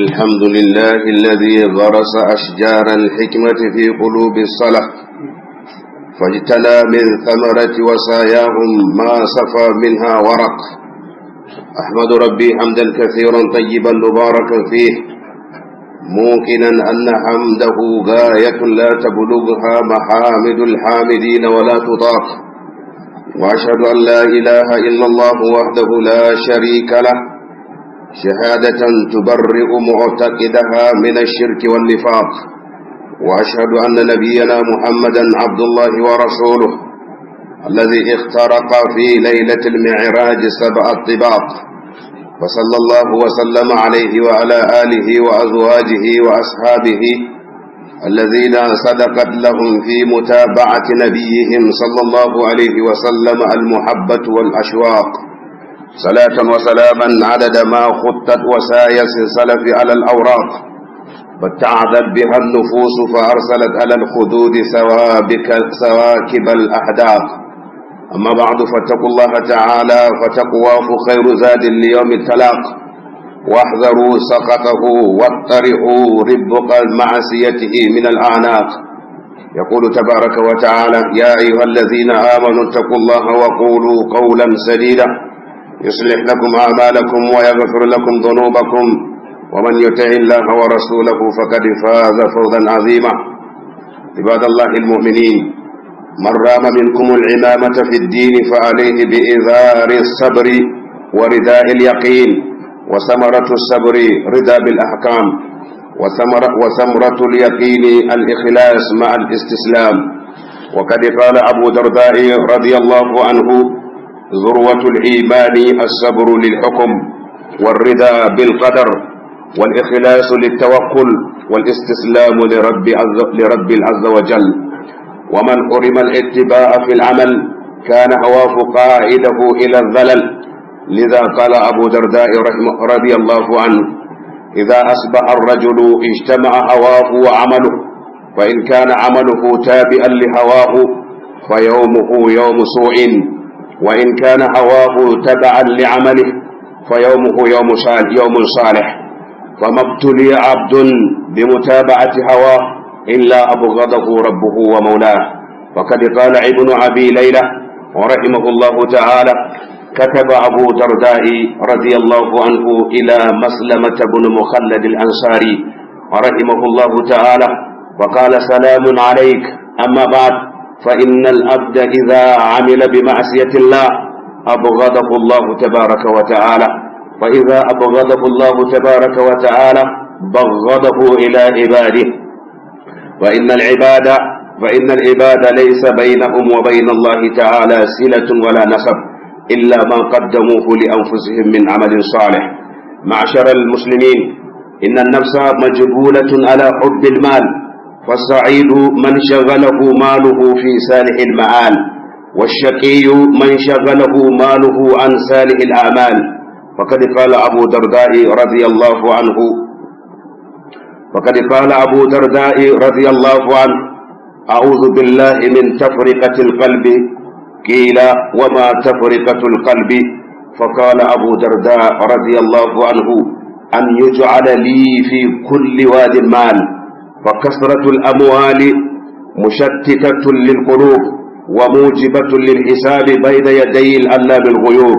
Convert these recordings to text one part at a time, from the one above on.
الحمد لله الذي غرس أشجار الحكمة في قلوب الصلح فاجتلى من ثمرة وصاياهم ما صفى منها ورق أحمد ربي حمدا كثيرا طيبا مباركا فيه موقنا أن حمده غاية لا تبلغها محامد الحامدين ولا تطاق وأشهد أن لا إله إلا الله وحده لا شريك له شهادة تبرئ معتقدها من الشرك والنفاق وأشهد أن نبينا محمدا عبد الله ورسوله الذي اخترق في ليلة المعراج سبع الطباق وصلى الله وسلم عليه وعلى آله وأزواجه وأصحابه الذين صدقت لهم في متابعة نبيهم صلى الله عليه وسلم المحبة والأشواق صلاة وسلاما عدد ما خطت وسايا السلف على الأوراق واتعذت بها النفوس فأرسلت على الخدود سوابك سواكب الأحداق أما بعد فاتقوا الله تعالى فتقواه خير زاد ليوم التلاق واحذروا سقطه واطرحوا ربق معصيته من الأعناق يقول تبارك وتعالى يا أيها الذين آمنوا اتقوا الله وقولوا قولا سديدا يصلح لكم أعمالكم ويغفر لكم ذنوبكم ومن يطع الله ورسوله فقد فاز فوزا عظيما عباد الله المؤمنين من رام منكم العمامة في الدين فعليه بإزار الصبر ورداء اليقين وثمرة الصبر رضا بالأحكام وثمرة, وثمرة اليقين الإخلاص مع الاستسلام وقد قال أبو درداء رضي الله عنه ذروة الإيمان الصبر للحكم والرضا بالقدر والإخلاص للتوكل والاستسلام لرب, عز لرب عز وجل ومن حرم الاتباع في العمل كان هواه قائده إلى الذلل لذا قال أبو درداء رضي الله عنه إذا أصبح الرجل اجتمع هواه وعمله فإن كان عمله تابئا لهواه فيومه يوم سوء وإن كان هواه تبعا لعمله فيومه يوم صالح, يوم صالح فما ابتلي عبد بمتابعة هواه إلا أبغضه ربه ومولاه وقد قال ابن أبي ليلى ورحمه الله تعالى كتب أبو درداء رضي الله عنه إلى مسلمة بن مخلد الأنصاري ورحمه الله تعالى وقال سلام عليك أما بعد فإن الأبد إذا عمل بمعصية الله أبغضه الله تبارك وتعالى وإذا أبغضه الله تبارك وتعالى بغضه إلى عباده وإن العباد فإن العباد ليس بينهم وبين الله تعالى صلة ولا نسب إلا ما قدموه لأنفسهم من عمل صالح معشر المسلمين إن النفس مجبولة على حب المال فالسعيد من شغله ماله في صالح المعال والشقي من شغله ماله عن صالح الأعمال فقد قال أبو درداء رضي الله عنه فقد قال أبو درداء رضي الله عنه أعوذ بالله من تفرقة القلب قيل وما تفرقة القلب فقال أبو درداء رضي الله عنه أن يجعل لي في كل واد مال فكثرة الأموال مشتتة للقلوب وموجبة للحساب بين يدي الألام الغيوب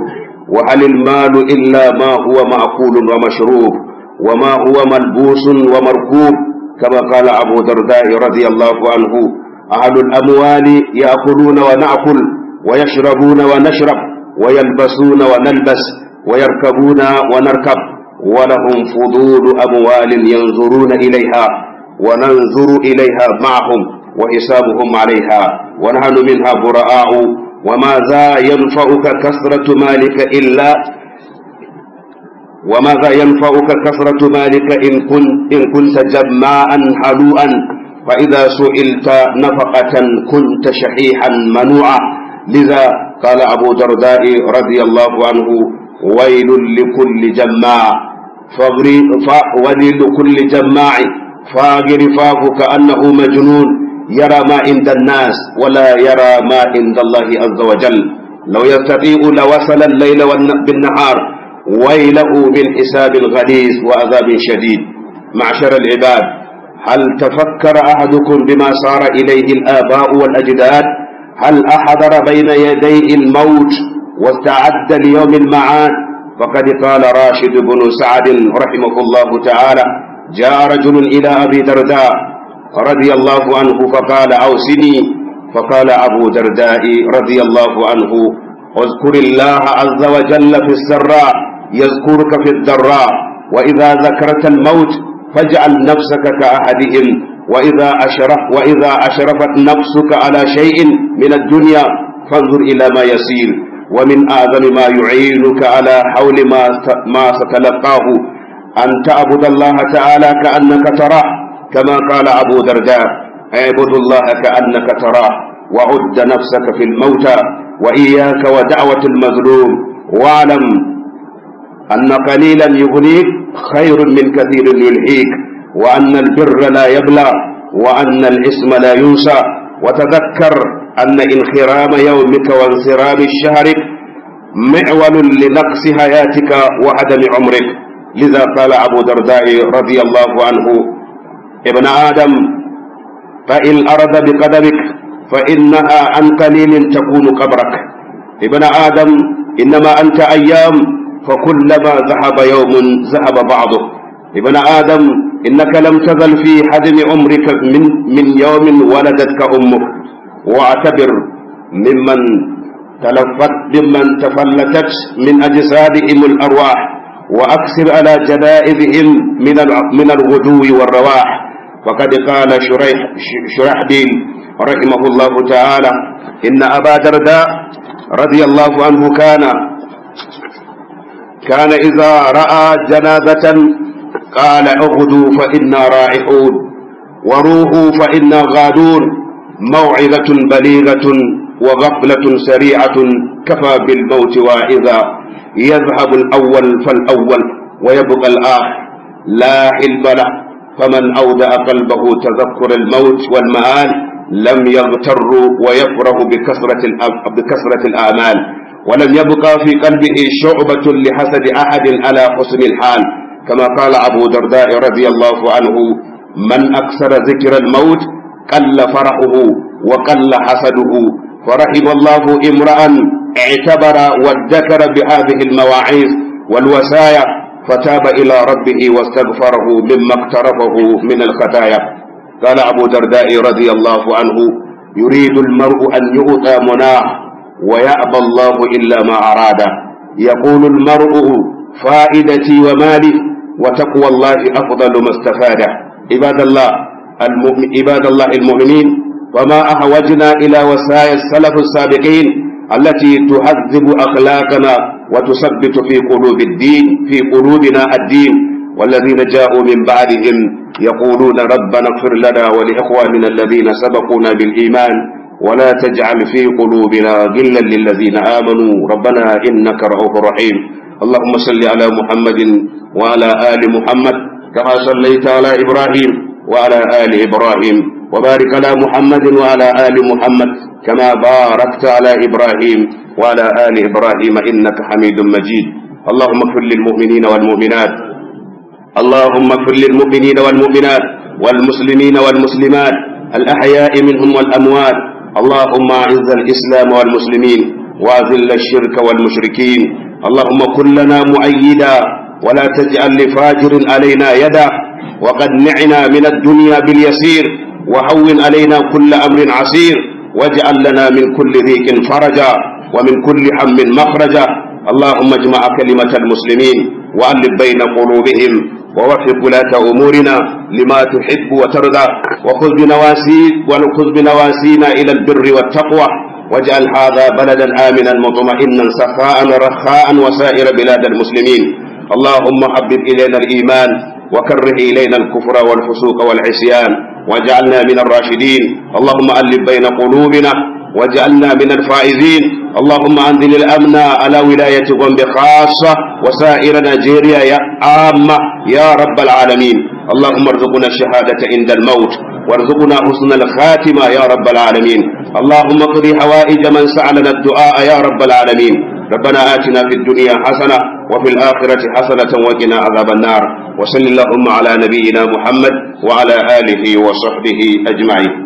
وهل المال إلا ما هو معقول ومشروب وما هو ملبوس ومركوب كما قال أبو درداء رضي الله عنه أهل الأموال يأكلون ونأكل ويشربون ونشرب ويلبسون ونلبس ويركبون ونركب ولهم فضول أموال ينظرون إليها وننظر إليها معهم وحسابهم عليها ونحن منها براء وماذا ينفعك كثرة مالك إلا وماذا ينفعك كثرة مالك إن كنت, إن كنت جماعا حلوءا فإذا سئلت نفقة كنت شحيحا منوعا لذا قال أبو درداء رضي الله عنه ويل لكل جماع فغري فويل لكل جماع فاق رفاق كأنه مجنون يرى ما عند الناس ولا يرى ما عند الله عز وجل لو يستطيع لوصل الليل بالنهار ويله من حساب غليظ وعذاب شديد معشر العباد هل تفكر أحدكم بما صار إليه الآباء والأجداد هل أحضر بين يدي الموت واستعد ليوم المعاد فقد قال راشد بن سعد رحمه الله تعالى جاء رجل إلى أبي درداء رضي الله عنه فقال أوسني فقال أبو درداء رضي الله عنه اذكر الله عز وجل في السراء يذكرك في الضراء وإذا ذكرت الموت فاجعل نفسك كأحدهم وإذا أشرف وإذا أشرفت نفسك على شيء من الدنيا فانظر إلى ما يسير ومن أعظم ما يعينك على حول ما ما ستلقاه أن تعبد الله تعالى كأنك تراه كما قال أبو درداء اعبد الله كأنك تراه وعد نفسك في الموتى وإياك ودعوة المظلوم واعلم أن قليلا يغنيك خير من كثير يلهيك وأن البر لا يبلى وأن الاسم لا ينسى وتذكر أن انخرام يومك وانصرام شهرك معول لنقص حياتك وعدم عمرك لذا قال أبو درداء رضي الله عنه ابن آدم فإن أرد بقدمك فإنها عن قليل تكون قبرك ابن آدم إنما أنت أيام فكلما ذهب يوم ذهب بعضه ابن آدم إنك لم تزل في حزم عمرك من, من يوم ولدتك أمك واعتبر ممن تلفت ممن تفلتت من أجسادهم الأرواح وأكثر على جنائزهم من من الغدو والرواح وقد قال شريح شرح الدين رحمه الله تعالى إن أبا درداء رضي الله عنه كان كان إذا رأى جنازة قال اغدوا فإنا رائحون وروحوا فإنا غادون موعظة بليغة وغفلة سريعة كفى بالموت واعظا يذهب الأول فالأول ويبقى الآخر لا حلم له فمن أودع قلبه تذكر الموت والمآل لم يغتر ويفره بكثرة بكثرة الآمال ولم يبقى في قلبه شعبة لحسد أحد على حسن الحال كما قال أبو درداء رضي الله عنه من أكثر ذكر الموت قل فرحه وقل حسده فرحم الله امرأ اعتبر وادكر بهذه المواعيظ والوسايا فتاب إلى ربه واستغفره مما اقترفه من الخطايا قال أبو درداء رضي الله عنه يريد المرء أن يؤتى مناه ويأبى الله إلا ما أراد يقول المرء فائدتي ومالي وتقوى الله أفضل ما استفاده عباد الله عباد الله المؤمنين وما أحوجنا إلى وسائل السلف السابقين التي تهذب أخلاقنا وتثبت في قلوب الدين في قلوبنا الدين والذين جاءوا من بعدهم يقولون ربنا اغفر لنا ولإخواننا الذين سبقونا بالإيمان ولا تجعل في قلوبنا غلا للذين آمنوا ربنا إنك رؤوف رحيم اللهم صل على محمد وعلى آل محمد كما صليت على إبراهيم وعلى آل إبراهيم وبارك على محمد وعلى آل محمد كما باركت على إبراهيم وعلى آل إبراهيم إنك حميد مجيد اللهم اغفر للمؤمنين والمؤمنات اللهم اغفر للمؤمنين والمؤمنات والمسلمين والمسلمات الأحياء منهم والأموات اللهم أعز الإسلام والمسلمين وأذل الشرك والمشركين اللهم كن لنا معيدا ولا تجعل لفاجر علينا يدا وقد نعنا من الدنيا باليسير وهون علينا كل أمر عسير واجعل لنا من كل ضيق فرجا ومن كل هم مخرجا اللهم اجمع كلمة المسلمين وألف بين قلوبهم ووفق ولاة أمورنا لما تحب وترضى وخذ بنواسي وخذ بنواسينا إلى البر والتقوى واجعل هذا بلدا آمنا مطمئنا سخاء رخاء وسائر بلاد المسلمين اللهم حبب إلينا الإيمان وكره إلينا الكفر والفسوق والعصيان واجعلنا من الراشدين اللهم ألف بين قلوبنا واجعلنا من الفائزين اللهم أنزل الأمن على ولاية غombe خاصة وسائر نيجيريا يا عامة يا رب العالمين اللهم ارزقنا الشهادة عند الموت وارزقنا حسن الخاتمة يا رب العالمين اللهم اقضي حوائج من سألنا الدعاء يا رب العالمين ربنا آتنا في الدنيا حسنة وفي الآخرة حسنة وقنا عذاب النار وصل اللهم على نبينا محمد وعلى آله وصحبه أجمعين